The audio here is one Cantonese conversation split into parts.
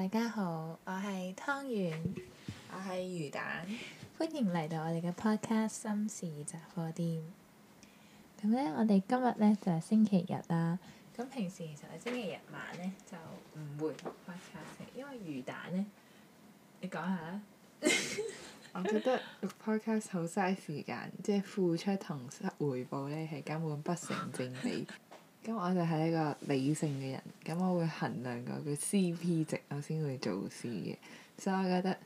大家好，我係湯圓，我係魚蛋， 歡迎嚟到我哋嘅 podcast 心事雜貨店。咁咧，我哋今日咧就係、是、星期日啦。咁平時其實喺星期日晚咧就唔會錄 podcast， 因為魚蛋咧，你講下啦。 我覺得錄 podcast 好嘥時間，即、就、係、是、付出同回報咧係根本不成正比。 因為、嗯、我就係一個理性嘅人，咁、嗯、我會衡量過佢 C.P. 值，我先會做事嘅，所以我覺得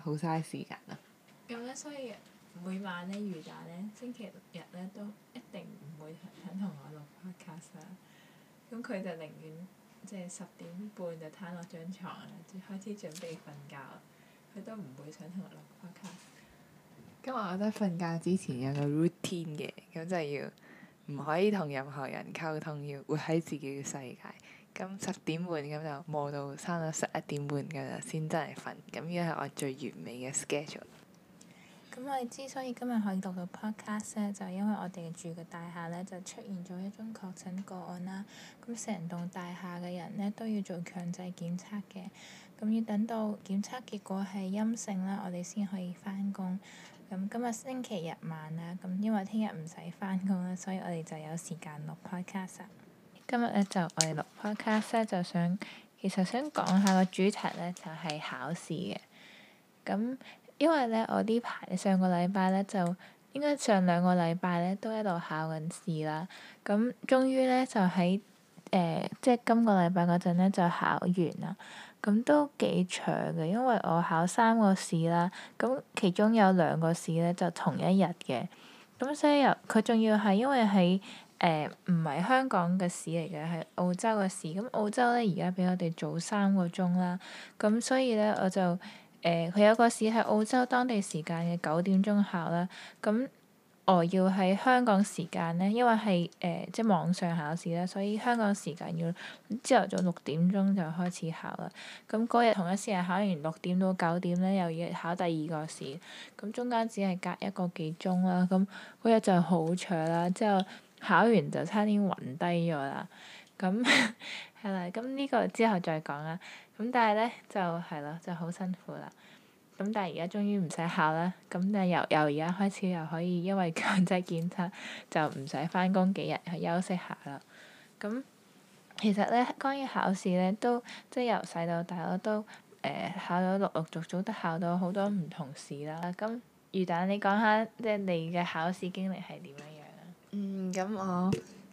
好嘥時間啊。咁咧、嗯，所以每晚咧、魚蛋咧、星期六日咧，都一定唔會想同我錄 podcast 啦、啊。咁、嗯、佢、嗯嗯嗯、就寧願即係十點半就攤落張床啦，就開始準備瞓覺。佢都唔會想同我錄 podcast。咁、嗯嗯嗯、我覺得瞓覺之前有個 routine 嘅，咁、嗯嗯嗯、就要。唔可以同任何人溝通，要活喺自己嘅世界。咁十點半咁就磨到差唔多十一點半嘅就先真係瞓。咁呢個係我最完美嘅 schedule。咁我哋之所以今日可以讀到 podcast 咧，就因為我哋住嘅大廈咧就出現咗一宗確診個案啦。咁成棟大廈嘅人咧都要做強制檢測嘅。咁要等到檢測結果係陰性啦，我哋先可以返工。咁今日星期日晚啦，咁因為聽日唔使返工啦，所以我哋就有時間錄 podcast。今日咧就我哋錄 podcast 咧，就想其實想講下個主題咧，就係考試嘅。咁因為咧，我呢排上個禮拜咧，就應該上兩個禮拜咧，都喺度考緊試啦。咁終於咧、呃，就喺誒，即係今個禮拜嗰陣咧，就考完啦。咁都幾長嘅，因為我考三個試啦，咁其中有兩個試咧就同一日嘅，咁所以又佢仲要係因為喺誒唔係香港嘅試嚟嘅，係澳洲嘅試，咁澳洲咧而家比我哋早三個鐘啦，咁所以咧我就誒佢、呃、有個試喺澳洲當地時間嘅九點鐘考啦，咁。哦，要喺香港時間咧，因為係誒、呃、即網上考試啦，所以香港時間要朝頭早六點鐘就開始考啦。咁嗰日同一時間考完六點到九點咧，又要考第二個試。咁中間只係隔一個幾鐘啦，咁嗰日就好 chur 啦。之後考完就差啲暈低咗啦。咁係啦，咁 呢個之後再講啦。咁但係咧就係咯，就好辛苦啦。咁但係而家終於唔使考啦，咁誒由由而家開始又可以，因為強制檢測就唔使返工幾日去休息下啦。咁其實咧，關於考試咧，都即係由細到大我都誒、呃、考到，陸陸續續都考到好多唔同試啦。咁魚蛋，你講下即係你嘅考試經歷係點樣樣啊？嗯，咁我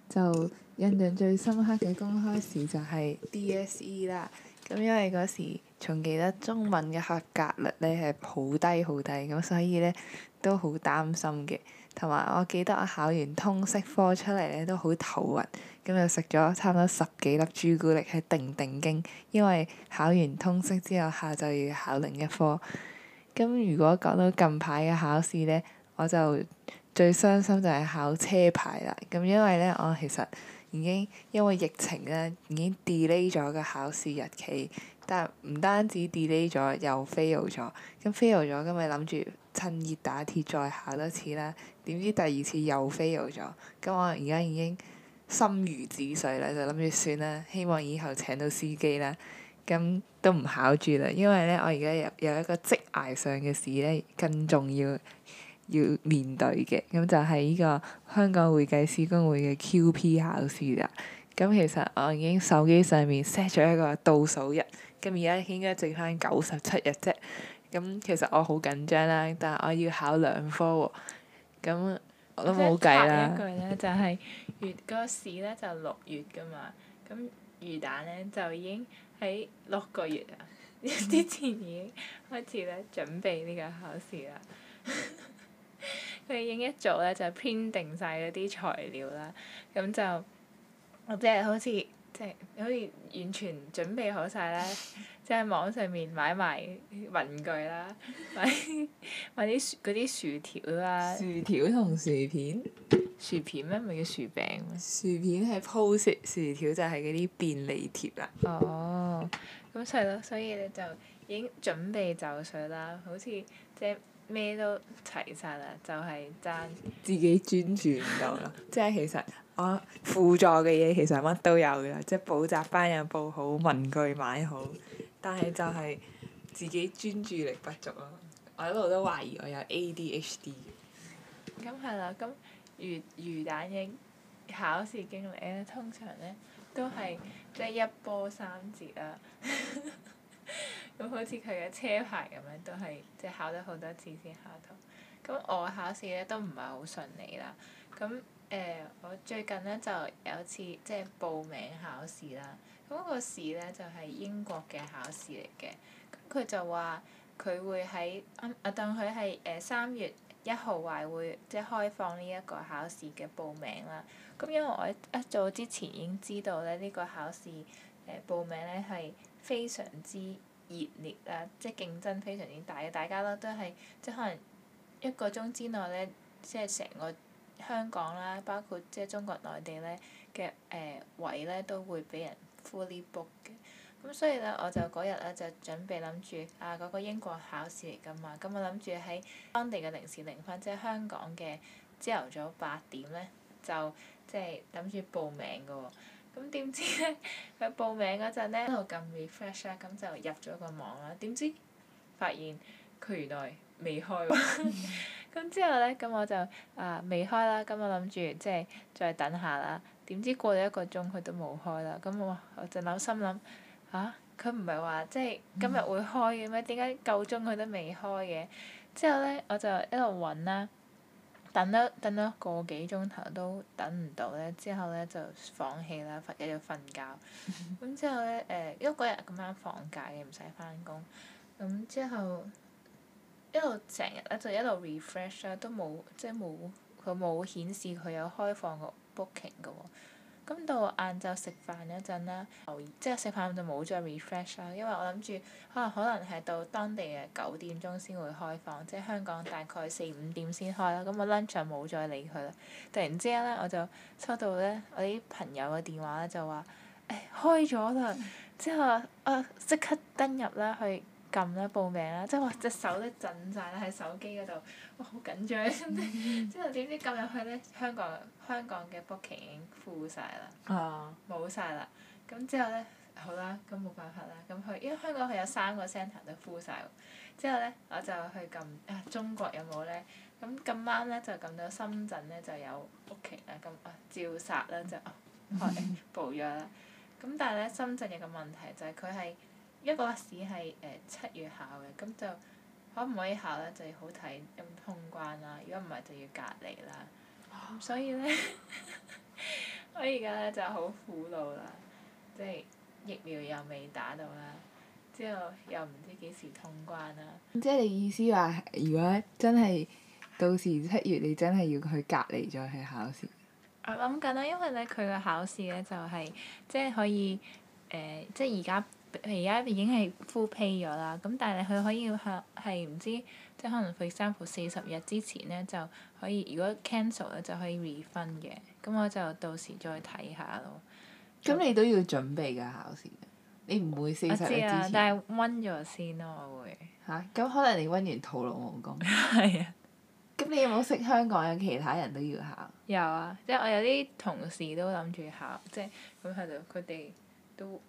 就印象最深刻嘅公開試就係 DSE 啦。咁因為嗰時，仲記得中文嘅合格率咧係好低好低咁，所以咧都好擔心嘅。同埋我記得我考完通識科出嚟咧都好頭暈，咁就食咗差唔多十幾粒朱古力喺定定驚，因為考完通識之後下晝就要考另一科。咁如果講到近排嘅考試咧，我就最傷心就係考車牌啦。咁因為咧，我其實已經因為疫情咧已經 delay 咗個考試日期。但唔單止 delay 咗，又 fail 咗。咁 fail 咗，咁咪諗住趁熱打鐵再考多次啦。點知第二次又 fail 咗。咁我而家已經心如止水啦，就諗住算啦。希望以後請到司機啦。咁都唔考住啦，因為咧，我而家有有一個職涯上嘅事咧，更重要要面對嘅，咁就係呢個香港會計師公會嘅 QP 考試啦。咁其實我已經手機上面 set 咗一個倒數日。咁而家應該剩翻九十七日啫，咁其實我好緊張啦，但係我要考兩科喎，咁我都冇計啦。一句咧 就係，月嗰個試咧就六月㗎嘛，咁魚蛋咧就已經喺六個月啊， 之前已經開始咧準備呢個考試啦。佢已經一早咧就編定晒嗰啲材料啦，咁就，即係 好似。即係好似完全準備好曬啦， 即係網上面買埋文具啦， 買買啲嗰啲薯條啦。薯條同薯片。薯片咩？唔係叫薯餅咩？薯片係鋪食，薯條就係嗰啲便利貼啦。哦，咁係咯，所以咧就已經準備就緒啦，好似即係。咩都齊晒啦，就係、係、爭自己專注唔到咯。即係其實我輔助嘅嘢其實乜都有嘅，即係補習班有報好，文具買好，但係就係自己專注力不足咯。我一路都懷疑我有 ADHD。咁係啦，咁、嗯、魚魚蛋嘅考試經歷咧，通常咧都係即係一波三折啊！ 咁好似佢嘅車牌咁樣，都係即係考咗好多次先考到。咁我考試咧都唔係好順利啦。咁誒、呃，我最近咧就有次即係報名考試啦。咁、嗰個試咧就係、是、英國嘅考試嚟嘅。咁佢就話佢會喺啱啊，等佢係誒三月一號，話會即係開放呢一個考試嘅報名啦。咁因為我一早之前已經知道咧，呢、呢個考試誒、呃、報名咧係，非常之熱烈啦，即係競爭非常之大，大家咧都係即係可能一個鐘之內呢，即係成個香港啦，包括即係中國內地呢嘅誒位呢，都會俾人 fully book 嘅。咁所以呢，我就嗰日呢，就準備諗住啊嗰個英國考試嚟㗎嘛，咁我諗住喺當地嘅零時零分，即係香港嘅朝頭早八點呢，就即係諗住報名㗎喎。咁點知咧？佢報名嗰陣咧，一路撳 refresh 啦，咁就入咗個網啦。點知發現佢原來未開喎。咁 之後咧，咁我就啊未開啦。咁我諗住即係再等下啦。點知過咗一個鐘佢都冇開啦。咁我我就扭心諗啊，佢唔係話即係今日會開嘅咩？點解、嗯、夠鐘佢都未開嘅？之後咧，我就一路揾啦。等咗，等咗個幾鐘頭都等唔到呢，之後呢，就放棄啦，繼續瞓覺。咁、 嗯、之後呢，誒、呃，因為嗰日咁啱放假嘅，唔使翻工。咁、嗯、之後，一路成日呢，就一路 refresh 啦、啊，都冇即係冇佢冇顯示佢有開放個 booking 噶喎、哦。咁到晏晝食飯嗰陣啦，即係食飯就冇再 refresh 啦，因為我諗住可能可能係到當地嘅九點鐘先會開放，即係香港大概四五點先開啦。咁我 lunch 就冇再理佢啦。突然之間咧，我就收到咧我啲朋友嘅電話咧，就話誒開咗啦，之後啊即刻登入啦去。撳啦報名啦，即係哇隻手都震曬啦喺手機嗰度，哇好緊張， 之後點知撳入去呢？香港香港嘅 booking 已經 full 曬啦，冇曬啦，咁之後呢，好啦，咁冇辦法啦，咁去因為香港佢有三個 center 都 full 曬，之後呢，我就去撳啊中國有冇呢？咁咁啱呢，就撳到深圳呢，就有 booking、啊啊嗯、啦，咁啊照殺啦就啊去報咗啦，咁但係呢，深圳有個問題就係佢係。一個試係誒七月考嘅，咁就可唔可以考咧？就要好睇咁通關啦。如果唔係，就要隔離啦、哦。所以咧， 我而家咧就好苦惱啦，即係疫苗又未打到啦，之後又唔知幾時通關啦。即係你意思話，如果真係到時七月，你真係要去隔離再去考試？我諗緊啦，因為咧，佢個考試咧就係即係可以誒、呃，即係而家。佢而家已經係 full pay 咗啦，咁但係佢可以係係唔知，即係可能佢三付四十日之前咧就可以，如果 cancel 咧就可以 refund 嘅。咁我就到時再睇下咯。咁、嗯、就你都要準備噶考試，你唔會四十日之前。知啊，但係溫咗先咯，我會。嚇、啊！咁可能你溫完徒勞無功。係啊。咁你有冇識香港有其他人都要考？ 有啊，即係我有啲同事都諗住考，即係咁喺度，佢哋都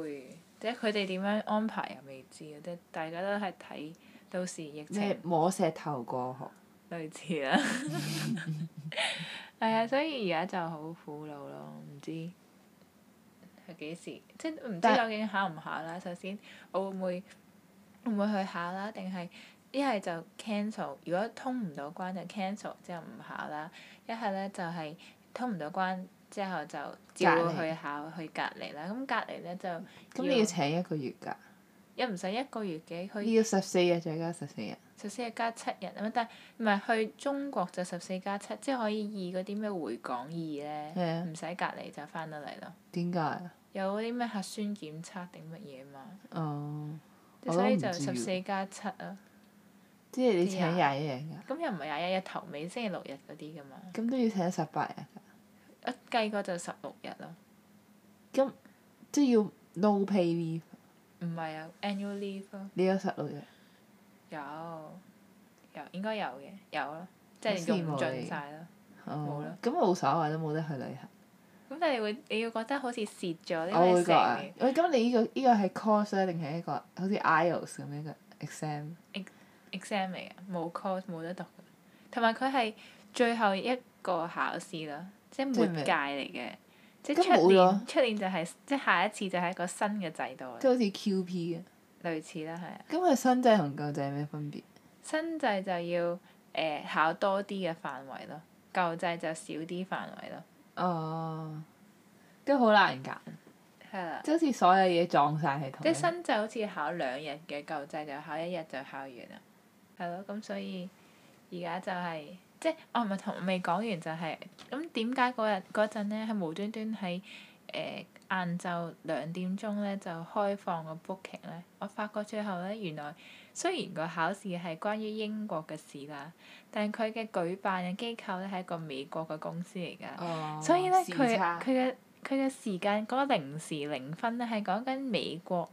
會。即係佢哋點樣安排又未知，即大家都係睇到時疫情。即摸石頭過河。類似啦。係啊，所以而家就好苦惱咯，唔知係幾時，即係唔知究竟考唔考啦？但首先，我會唔會會唔會去考啦？定係一係就 cancel，如果通唔到關就 cancel，之後唔考啦。一係呢，就係、是、通唔到關。之後就就去考去隔離啦，咁隔離咧就咁你要請一個月㗎？又唔使一個月嘅，佢要十四日再加十四日。十四日加七日啊！但係唔係去中國就十四加七，即係可以以嗰啲咩回港易咧？唔使係啊！隔離就翻得嚟咯。點解？有嗰啲咩核酸檢測定乜嘢嘛？哦、嗯。所以就十四加七啊！嗯、即係你請廿一日㗎。咁、嗯、又唔係廿一日頭尾星期六日嗰啲㗎嘛？咁、嗯、都要請十八日。計過就十六日咯。咁即係要 no pay leave、啊。唔係啊，annual leave 咯。你有十六日？有。有應該有嘅有咯，即係用盡晒咯。哦。咁冇啦所謂都冇得去旅行。咁但係你會你要覺得好似蝕咗呢個成年。啊。喂、呢個，咁你呢個呢個係 course 咧，定係一個好似 IELTS 咁樣嘅 exam？ex exam 嚟嘅，冇 course 冇得讀，同埋佢係最後一個考試啦。即係末屆嚟嘅，就是，即係出年出年就係，即係下一次就係一個新嘅制度。即係好似 QP 啊。類似啦，係啊。咁佢新制同舊制有咩分別？新制就要誒，呃、考多啲嘅範圍咯，舊制就少啲範圍咯。哦。都好難揀。係啊，嗯。即係好似所有嘢撞曬係同一即係新制好似考兩日嘅，舊制就考一日就考完啦。係咯，咁所以而家就係，是。即我唔係同未講完就係咁，點解嗰日嗰陣咧，佢、嗯、無端端喺誒晏晝兩點鐘咧就開放個 booking 咧？我發覺最後咧，原來雖然個考試係關於英國嘅事啦，但佢嘅舉辦嘅機構咧係一個美國嘅公司嚟㗎，哦、所以咧佢佢嘅佢嘅時間嗰、嗰個零時零分咧係講緊美國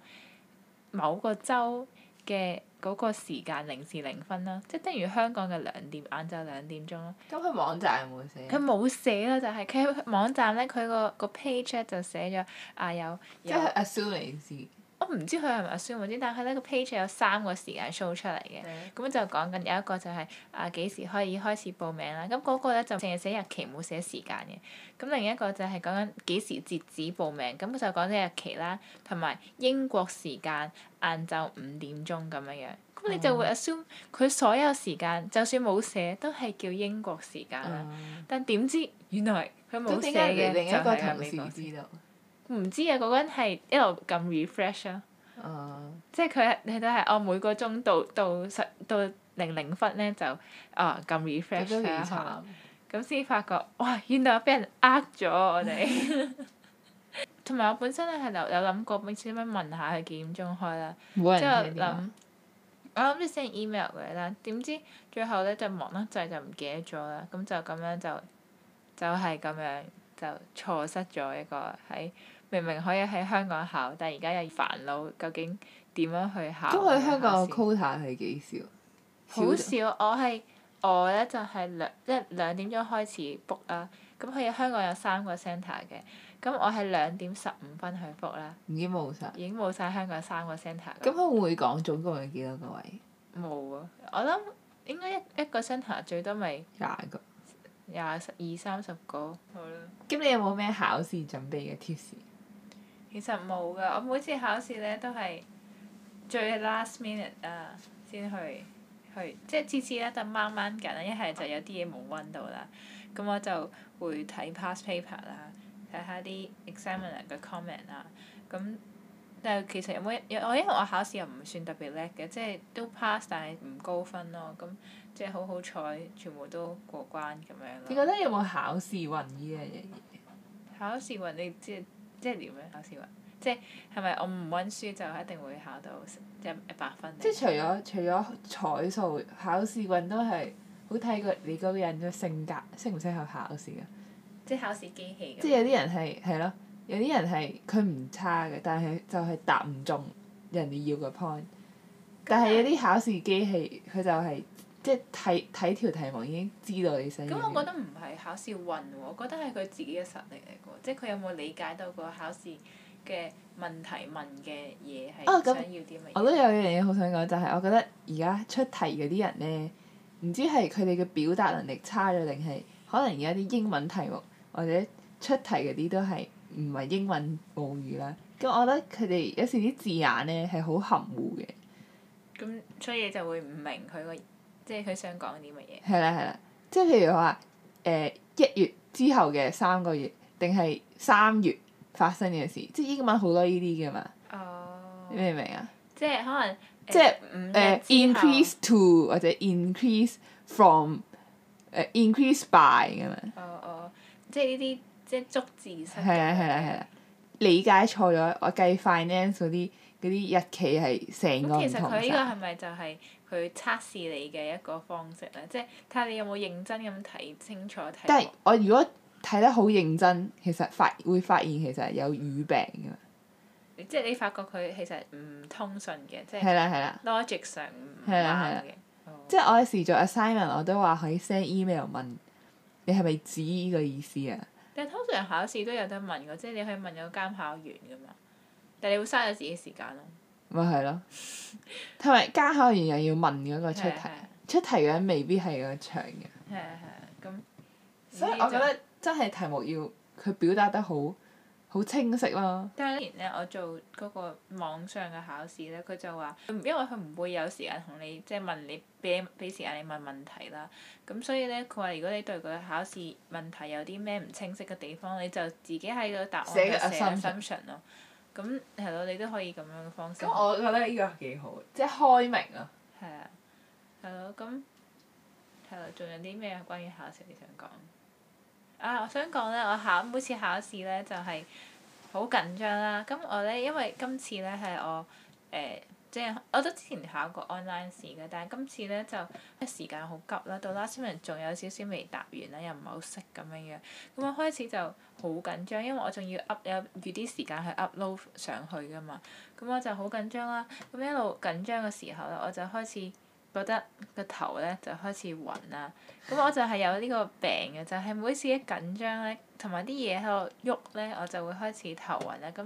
某個州嘅。嗰個時間零時零分啦，即係等於香港嘅兩點，晏晝兩點鐘咯。咁佢網站係冇寫。佢冇寫啦，就係、是、佢網站咧，佢、嗰個個 page 就寫咗啊有。有即係 assume 你我唔知佢係咪 assume 啲，但係呢個 page 有三個時間 show 出嚟嘅，咁、嗯嗯、就講緊有一個就係、是、啊幾時可以開始報名啦，咁嗰個呢就淨係寫日期冇寫時間嘅。咁另一個就係講緊幾時截止報名，咁佢就講咗日期啦，同埋英國時間晏晝五點鐘咁樣樣。咁你就會 assume 佢所有時間就算冇寫都係叫英國時間啦。嗯、但點知原來佢冇寫嘅。唔知啊，嗰、那個、人係一路撳 refresh 啊，uh, 即係佢你睇係，哦每個鐘到到十到零零分咧就啊撳、哦、refresh，咁先一發覺，哇原來我俾人呃咗我哋，同 埋 我本身咧係留有諗過，每次點樣問下佢幾點鐘開啦，之後諗，我諗住 send email 佢啦，點知最後咧就忙得滯就唔記得咗啦，咁就咁樣就就係、是、咁樣，就是樣，就是樣，就是、樣就錯失咗一個喺。一明明可以喺香港考，但而家又煩惱，究竟點樣去考？咁佢香港嘅 quota 係幾少？好 少，我係我咧就係兩一兩點鐘開始 book 啦。咁佢香港有三個 center 嘅，咁我係兩點十五分去 book 啦。已經冇晒，已經冇晒香港三個 center 咁佢會唔會講總共有幾多個位？冇啊！我諗應該一一個 center 最多咪廿個，廿二三十個，好啦。咁你有冇咩考試準備嘅 tips？其實冇噶，我每次考試咧都係最 last minute 啊，先去去即係次次咧都掹掹緊，一係就有啲嘢冇温到啦。咁我就會睇 past paper 啦，睇下啲 examiner 嘅 comment 啦。咁但係其實有冇一我因為我考試又唔算特別叻嘅，即係都 pass 但係唔高分咯。咁即係好好彩，全部都過關咁樣咯。你覺得有冇考試運呢樣嘢？考試運，你即係。即係點樣考試運？即係係咪我唔温書就一定會考到一百分？即係除咗除咗彩數考試運都係好睇過你嗰個人嘅性格適唔適合考試噶。即係考試機器即。即係有啲人係係咯，有啲人係佢唔差嘅，但係就係答唔中人哋要嘅 point。但係有啲考試機器，佢就係、是。即係睇睇條題目已經知道你寫。咁、嗯、我覺得唔係考試運喎，我覺得係佢自己嘅實力嚟喎。即係佢有冇理解到個考試嘅問題問嘅嘢係想要啲乜嘢？我都有樣嘢好想講，就係、是、我覺得而家出題嗰啲人咧，唔知係佢哋嘅表達能力差咗定係可能而家啲英文題目或者出題嗰啲都係唔係英文母語啦。咁我覺得佢哋有時啲字眼咧係好含糊嘅。咁所以就會唔明佢個。即係佢想講啲乜嘢？係啦係啦，即係譬如我話誒一月之後嘅三個月，定係三月發生嘅事，即係英文好多呢啲嘅嘛。你、哦、明唔明啊？即係可能。呃、即係是五 increase to 或者 increase from 誒、呃、increase by 咁樣、哦哦。即係呢啲即係捉字蝨。係啦係啦係啦，理解錯咗我計 finance 嗰啲。呢啲日期係成個其實佢呢個係咪就係佢測試你嘅一個方式咧？即係睇下你有冇認真咁睇清楚。睇即係我如果睇得好認真，其實發會發現其實有語病嘅。即係你發覺佢其實唔通順嘅，即係、嗯。係啦係啦。logic 上唔啱嘅。哦、即係我有時做 assignment，我都話可以 send，email 問你係咪指呢個意思啊？但係通常考試都有得問嘅，即係你可以問個監考員嘅嘛。但你會嘥咗自己時間咯。咪係咯。同埋加考完又要問嗰個出題， 出題嘅人未必係個長嘅。係啊係啊，咁。所以我覺得真係題目要佢表達得好，好清晰咯。但係咧，我做嗰個網上嘅考試咧，佢就話，因為佢唔會有時間同你即係、就是、問你俾俾時間你問問題啦。咁所以咧，佢話如果你對個考試問題有啲咩唔清晰嘅地方，你就自己喺個答案度寫個 assumption 咯、um。咁係咯，你都可以咁樣嘅方式。咁我覺得呢個係幾好。即係開明啊，係啊，係咯，咁係啊，仲有啲咩啊？關於考試你想講？啊，我想講呢，我考每次考試呢，就係好緊張啦。咁我呢，因為今次呢，係我誒。即係，我都之前考過 online 試嘅，但係今次呢就，誒時間好急啦，到啦，雖然仲有少少未答完啦，又唔係好識咁樣樣，咁我開始就好緊張，因為我仲要 upload，要預啲時間去 upload 上去噶嘛，咁我就好緊張啦，咁一路緊張嘅時候咧，我就開始覺得個頭呢就開始暈啦，咁我就係有呢個病嘅，就係、是、每次一緊張呢，同埋啲嘢喺度喐呢，我就會開始頭暈啦，咁。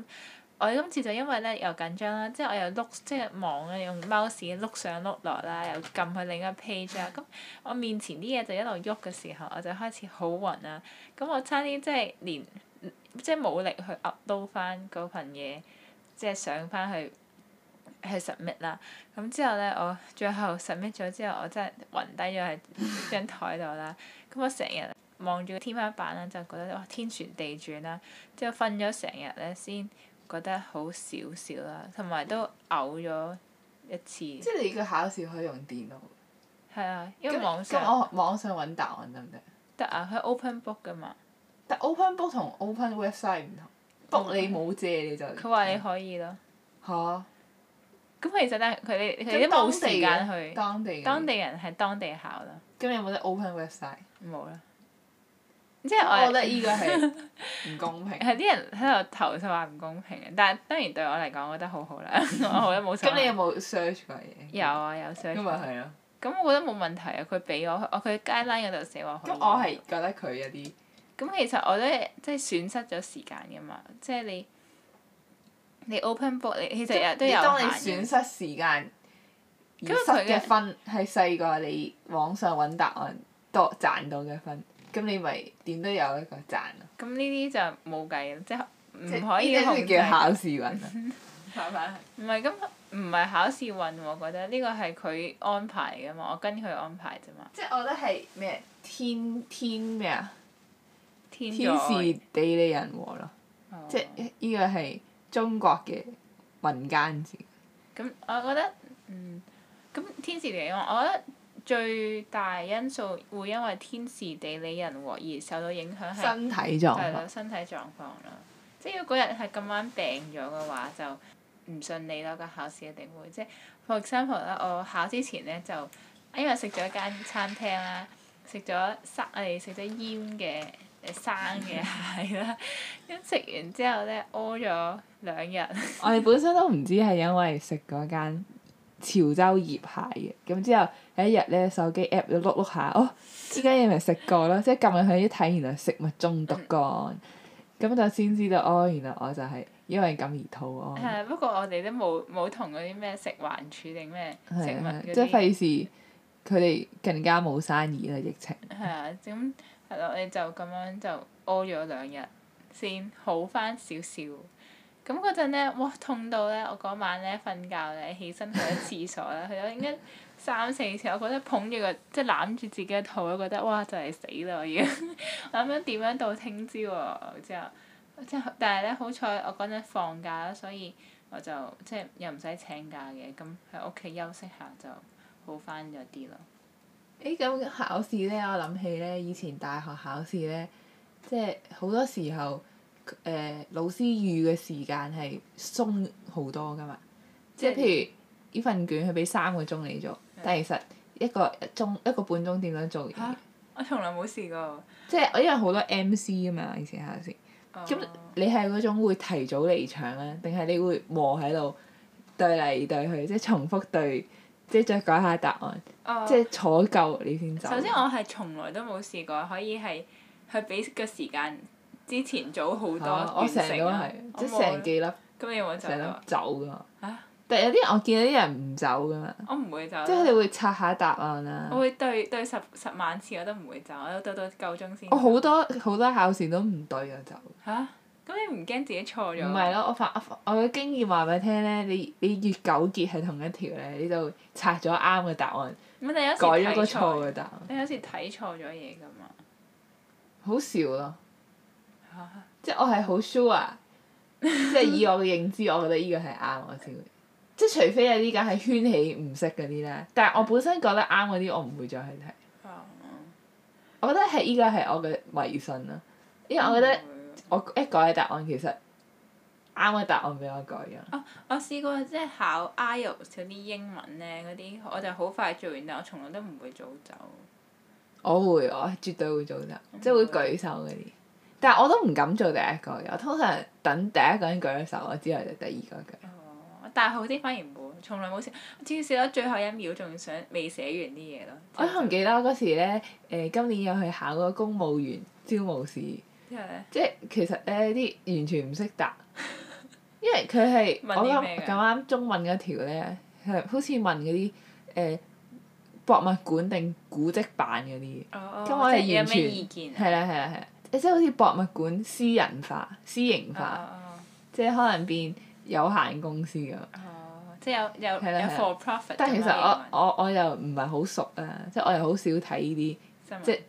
我今次就因為咧又緊張啦，即係我又碌即係忙啊，用 mouse 碌上碌落啦，又撳去另一 page 啦。咁我面前啲嘢就一路喐嘅時候，我就開始好暈啊！咁我差啲即係連即係冇力去 upload 翻嗰份嘢，即係上翻去去 submit 啦。咁之後咧，我最後 submit 咗之後，我真係暈低咗喺張台度啦。咁我成日望住個天花板啦，就覺得哇天旋地轉啦！之後瞓咗成日咧先。覺得好少少啦，同埋都嘔咗一次。即係你嘅考試可以用電腦。係 啊，因為網上。咁、嗯嗯、網上揾答案得唔得？得啊，佢 open book 噶嘛。但 open book 同 open website 唔同，book、嗯、你冇借你就。佢話、嗯、你可以咯。嚇！咁 其實但係佢你佢都冇時間去。當地。當地人喺當地考咯。咁你有冇得 open website？冇啦。嗯嗯嗯嗯即係我，我覺得呢個係唔公， 公平，係啲人喺度投訴話唔公平。但係當然對我嚟講，我覺得好好啦。咁 你有冇 search 過嘢？有啊，有 search。因咁、嗯、我覺得冇問題啊！佢俾我，我佢 guideline 嗰度寫話。我係覺得佢有啲。咁、嗯、其實我覺得即係損失咗時間㗎嘛，即係你。你 open book，你其實即你你有都有。損失時間。而失嘅分係細過你網上揾答案多賺到嘅分。咁你咪點都有一個賺咯。咁呢啲就冇計啦，即係唔可以控。呢啲叫考試運啊！ 唔係咁唔係考試運喎。我覺得呢個係佢安排嘅嘛，我跟佢安排啫嘛。即係我覺得係咩？天天咩啊？天時在地利人和咯，哦、即係呢個係中國嘅民間字。咁、嗯、我覺得，嗯，咁天時地利人和我覺得。最大因素會因為天時地利人和而受到影響，係身體狀，係咯身體狀況啦。即係如果嗰日係咁啱病咗嘅話，就唔順利咯。個考試一定會即係 for example 啦，我考之前咧就因為食咗間餐廳啦，食咗、啊、生誒食咗醃嘅生嘅蟹啦，咁食 完之後咧屙咗兩日。我哋本身都唔知係因為食嗰間。潮州醃蟹嘅，咁之後有一日咧，手機 app 要碌碌下，哦，依家嘢咪食過咯，即係撳入去一睇，原來食物中毒個案，咁 就先知道，哦，原來我就係因為咁而肚屙。係啊， 不過我哋都冇冇同嗰啲咩食環署定咩食物，即係費事佢哋更加冇生意啦，疫情。係 啊，咁係咯，你就咁樣就屙咗兩日先好翻少少。咁嗰陣咧，哇痛到咧！我嗰晚咧瞓覺咧，起身去咗廁所啦。 去咗應該三四次。我覺得捧住個即係攬住自己嘅肚，我覺得哇就嚟死啦！我已經諗緊點樣到聽朝喎！之後之後但係咧，好彩我嗰陣放假啦，所以我就即係又唔使請假嘅，咁喺屋企休息下就好翻咗啲咯。誒咁、欸、考試咧，我諗起咧，以前大學考試咧，即係好多時候。誒、呃、老師預嘅時間係鬆好多㗎嘛，即係是譬如呢份卷佢俾三個鐘你做，的但係其實一個鐘一個半鐘點樣做完，啊？我從來冇試過。即係我因為好多 MC 啊嘛，以前下先，咁、哦、你係嗰種會提早離場咧，定係你會磨喺度對嚟對去，即係重複對，即係再改下答案，哦、即係坐夠你先走。首先，我係從來都冇試過可以係佢俾嘅時間。之前早好多，我即係成幾粒，咁你有冇走？成粒走噶。但係有啲人我見到啲人唔走噶嘛。我唔會走。即係佢哋會拆下答案啦。我會對對十十萬次我都唔會走，我到到夠鐘先。我好多好多考試都唔對就。嚇！咁你唔驚自己錯咗？唔係咯，我發我嘅經驗話俾你聽咧，你你越糾結係同一條咧，你就拆咗啱嘅答案。唔係，你有時改咗錯嘅答案，你好似睇錯咗嘢咁啊。好少咯～啊、即我係好 sure，即以我嘅認知， 我覺得呢個係啱我先會。即除非係呢，咁係圈起唔識嗰啲咧，但係我本身覺得啱嗰啲，我唔會再去睇。啊、我覺得係依個係我嘅迷信咯，因為我覺得我一改答案其實啱嘅答案俾我改咗，啊。我試過即係考 IELTS 嗰啲英文咧，嗰啲我就好快做完，但係我從來都唔會早走。我會，我絕對會早走，會即會舉手嗰啲。但係我都唔敢做第一個，我通常等第一個人舉咗手之後，我我就第二個舉。哦，但係好啲反而唔會，從來冇，我只係寫到最後一秒仲想未寫完啲嘢咯。我可能記得嗰時咧，誒、呃、今年有去考嗰個公務員招務試。即係其實咧，啲、呃、完全唔識答。因為佢係我咁啱中文嗰條咧，係好似問嗰啲誒博物館定古蹟辦嗰啲，咁、哦哦、我係完全係啦，係啦，係。誒即係好似博物館私人化、私營化，即係可能變有限公司咁。即係有有有 f 但係其實我我我又唔係好熟啊，即係我又好少睇呢啲，即係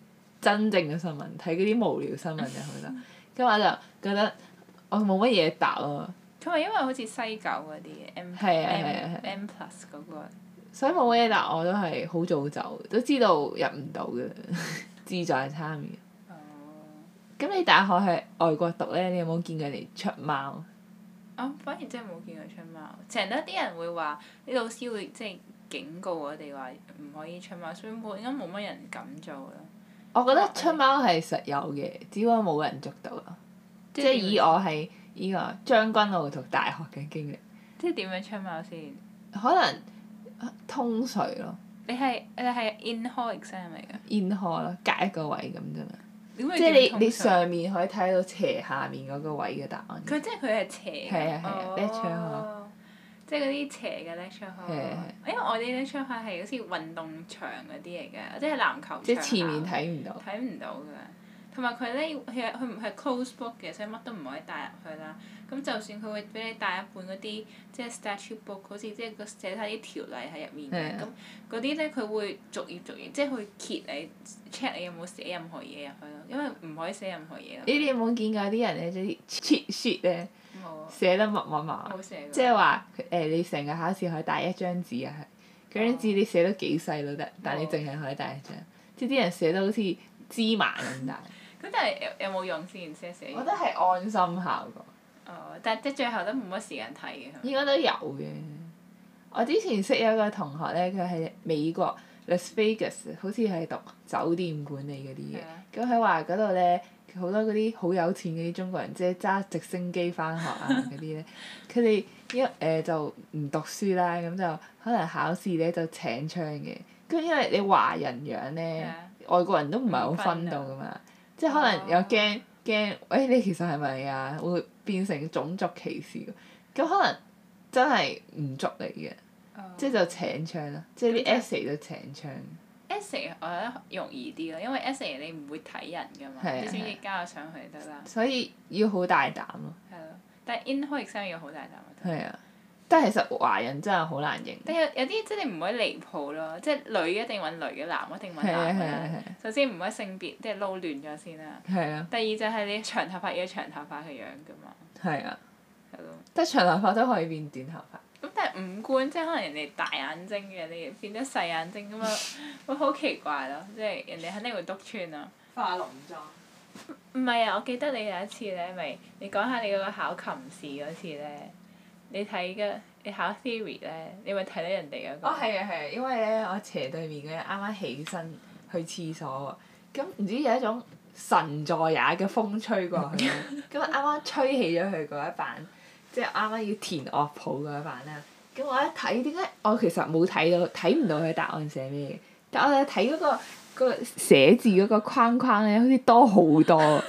真正嘅新聞，睇嗰啲無聊新聞就好多。咁我就覺得我冇乜嘢答咯，同埋因為好似西九嗰啲 M，M plus 嗰個。所以冇乜嘢答，我都係好早走，都知道入唔到嘅，志在參與。咁你大學喺外國讀咧，你有冇見佢哋出貓？啊，反而真係冇見佢出貓，成日多啲人會話啲老師會即係警告我哋話唔可以出貓，所以冇應該冇乜人敢做咯。我覺得出貓係實有嘅，只不過冇人捉到咯。即係以我喺呢個將軍澳讀大學嘅經歷。即係點樣出貓先？可能通水咯。你係你係 in hall exam 嚟㗎 in hall 咯，隔一個位咁啫嘛。即係你，你上面可以睇到斜下面嗰個位嘅答案。佢、oh、即係，佢係斜。係即係嗰啲斜嘅 lecture hall，因為我哋 lecture hall 係好似運動場嗰啲嚟嘅，即係籃球場。即係前面睇唔到。睇唔到㗎。同埋佢咧，其實佢唔係 close book 嘅，所以乜都唔可以帶入去啦。咁就算佢會俾你帶一本嗰啲，即係 statute book，好似即係個寫曬啲條例喺入面咁嗰啲咧，佢的會逐頁逐頁，即係佢揭你 check 你有冇寫任何嘢入去咯。因為唔可以寫任何嘢咯。依啲有冇見過啲人咧？即係 cheat sheet 咧，寫得密密麻麻，寫即係話誒你成個考試可以帶一張紙入去。嗰張紙你寫得幾細都得，但你淨係可以帶一張，我即係啲人寫得好似芝麻咁大。 咁即係有有冇用先？寫寫。我覺得係安心下個。哦，但係即最後都冇乜時間睇嘅，係咪？應該都有嘅。我之前識一個同學咧，佢喺美國、嗯、Las Vegas，好似係讀酒店管理嗰啲嘅。咁佢話嗰度咧，好多嗰啲好有錢嗰啲中國人，即揸直升機返學啊嗰啲咧。佢哋因誒就唔讀書啦，咁就可能考試咧就請槍嘅。咁因為你華人樣咧，嗯、外國人都唔係好分到㗎嘛。啊即係可能又驚驚，誒、欸、你其實係咪啊？會變成種族歧視。咁可能真係唔捉你嘅，嗯、即係就請槍啦，即係啲 essay 就請槍。Essay 我覺得容易啲咯，因為 essay 你唔會睇人㗎嘛，啊啊、只需要加上去就得啦。所以要好大膽咯。係咯、啊，但係 in-house exam 要好大膽啊。係啊。但係其實華人真係好難認。但有有啲即係唔可以離譜咯，即係女嘅一定揾女嘅，男嘅一定揾男嘅。首先唔可以性別即係撈亂咗先啦。的第二就係你長頭髮要長頭髮嘅樣噶嘛。係啊的。係咯了。但長頭髮都可以變短頭髮。咁但係五官即係可能人哋大眼睛嘅，你變咗細眼睛咁啊，會好 奇怪咯！即係人哋肯定會篤穿咯、啊。化濃妝。唔係啊！我記得你有一次咧，咪你講下你嗰個考琴試嗰次咧。你睇嘅，你考 theory 咧，你咪睇到人哋嗰、嗰個。哦，係啊，係啊，因為咧，我斜對面嗰人啱啱起身去廁所喎，咁唔知有一種神助也嘅風吹過去，咁啱啱吹起咗佢嗰一版，即係啱啱要填樂譜嗰一版啦。咁我一睇點解我其實冇睇到，睇唔到佢答案寫咩嘅？但我我睇嗰個嗰、嗰個寫字嗰個框框咧，好似多好多，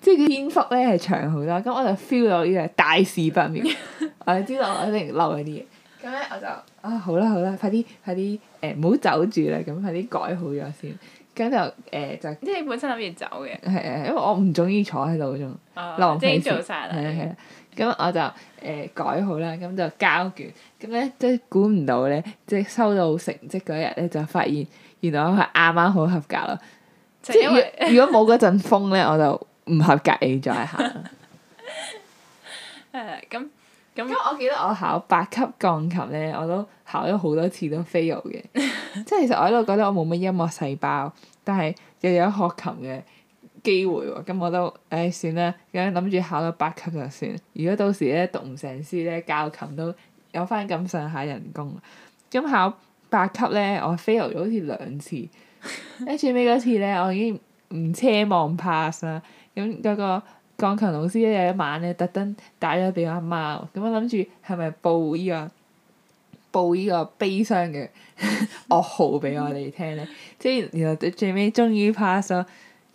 即係 篇幅咧係長好多。咁我就 feel 到呢個大事不妙。 我知道，我一定嬲嗰啲嘢。咁咧，我就啊好啦好啦，快啲快啲誒，唔好走住啦！咁快啲改好咗先，跟住誒就。即係本身諗住走嘅。係係係，因為我唔中意坐喺度嘅。哦。即係浪費啦。係啊係啊，咁我就誒改好啦，咁就交卷。咁咧即係估唔到咧，即係收到成績嗰一日咧，就發現原來我係啱啱好合格咯。即係如如果冇嗰陣風咧，我就唔合格，你再行。係啊，咁。咁，我記得我考八級鋼琴咧，我都考咗好多次都 fail 嘅。 即係其實我喺度覺得我冇乜音樂細胞，但係又有學琴嘅機會喎、哦。咁我都，誒、欸，算啦。咁諗住考到八級就算。如果到時咧讀唔成書咧，教琴都有翻咁上下人工。咁考八級咧，我 fail 咗好似兩次。誒， 最尾嗰次咧，我已經唔奢望 pass 啦。咁嗰、那個。鋼琴老師咧有一晚咧，特登打咗俾我阿媽，媽，咁我諗住係咪報呢、呢個報呢個悲傷嘅噩耗俾我哋聽咧？嗯、即係原來最最尾終於 pass 咗，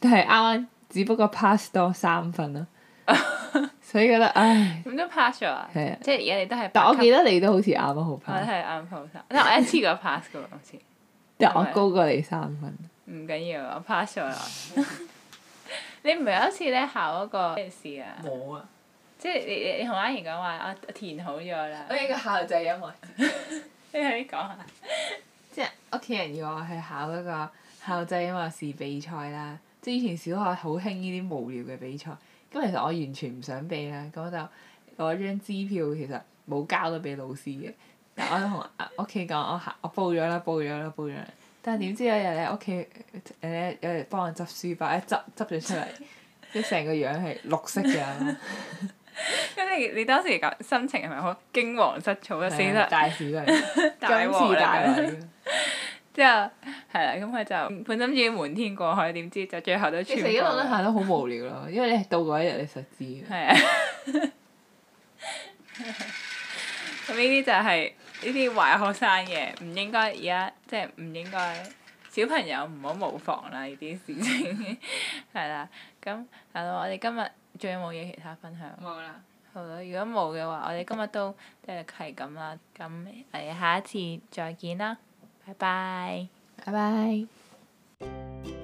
但係啱啱只不過 pass 多三分咯，啊、呵呵所以覺得唉。咁都 pass 咗啊！對即係而家你都係。但我記得你都好似啱啱 pass。我係啱啱 pass，但係我一次過 pass 嘅喎，好似。即是但是我高過你三分。唔緊要，我 pass 咗啦。 你唔係有一次咧考嗰個咩試啊？冇啊，即係你你你同阿怡講話，我填好咗啦。我有個校際音樂。 你講下。即係屋企人要我去考嗰個校際音樂試比賽啦，即係以前小學好興呢啲無聊嘅比賽。咁其實我完全唔想比啦，咁我就攞張支票，其實冇交到俾老師嘅。但係我同屋企講，我考我報咗啦，報咗啦，報咗。但係點知有日你屋企，誒有人幫人執書包，一執執咗出嚟，跟住成個樣係綠色嘅。咁你 你當時個心情係咪好驚惶失措啊？死 大事都係，大禍大，嘅、 就是。之後，係啦，咁佢就本心要瞞天過海，點知就最後都全部。其實一路都行得好無聊咯，因為你到嗰一日你 實知、是。係啊。咁呢啲就係。呢啲壞學生嘅，唔應該而家即係唔應該，小朋友唔好模仿啦，呢啲事情係啦，咁係咯。我哋今日仲有冇嘢其他分享？冇啦了。好啦，如果冇嘅話，我哋今日都即係係咁啦。咁誒，我哋下一次再見啦，拜拜，拜拜 bye。Bye bye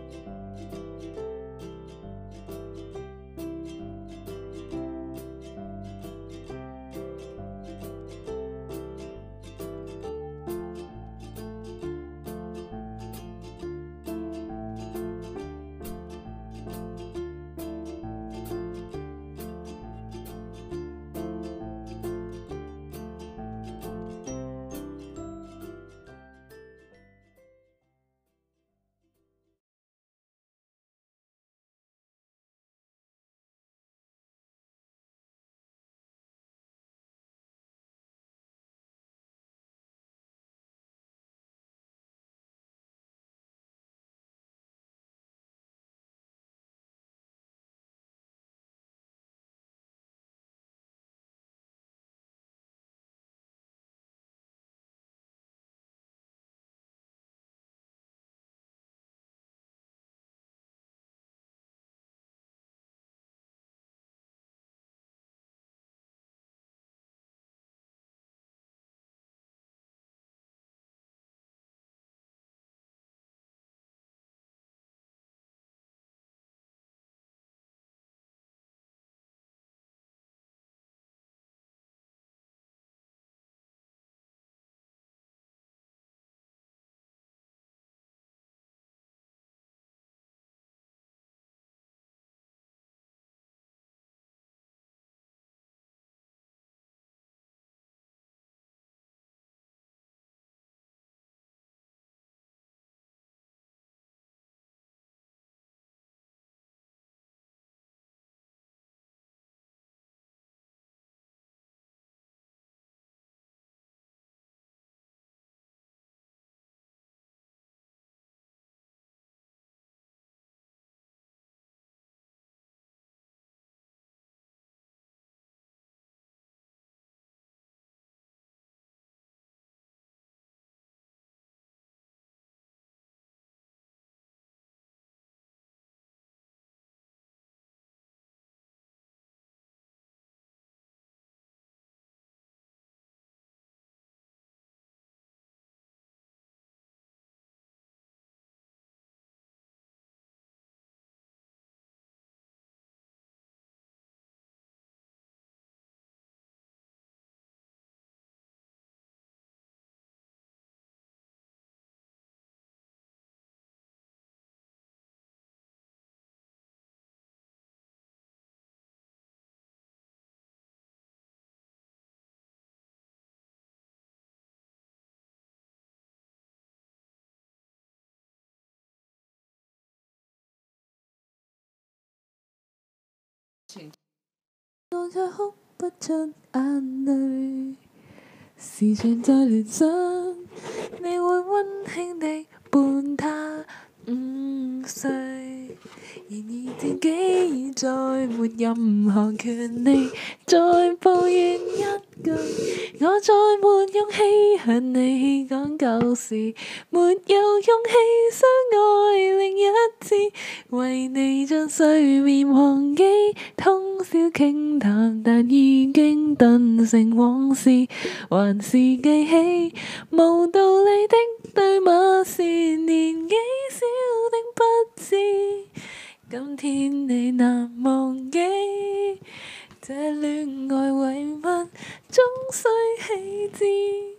我卻哭不出眼淚，時常在聯想，你會溫馨地伴他午睡。然而自己已再沒任何權利再抱怨一句，我再沒勇氣向你講舊事，沒有勇氣相愛另一次，為你將睡眠忘記，通宵傾談，但已經頓成往事，還是記起，無道理的。對，嗎？是年紀小的不知，今天你難忘記這戀愛，遺 物樂，終須棄置。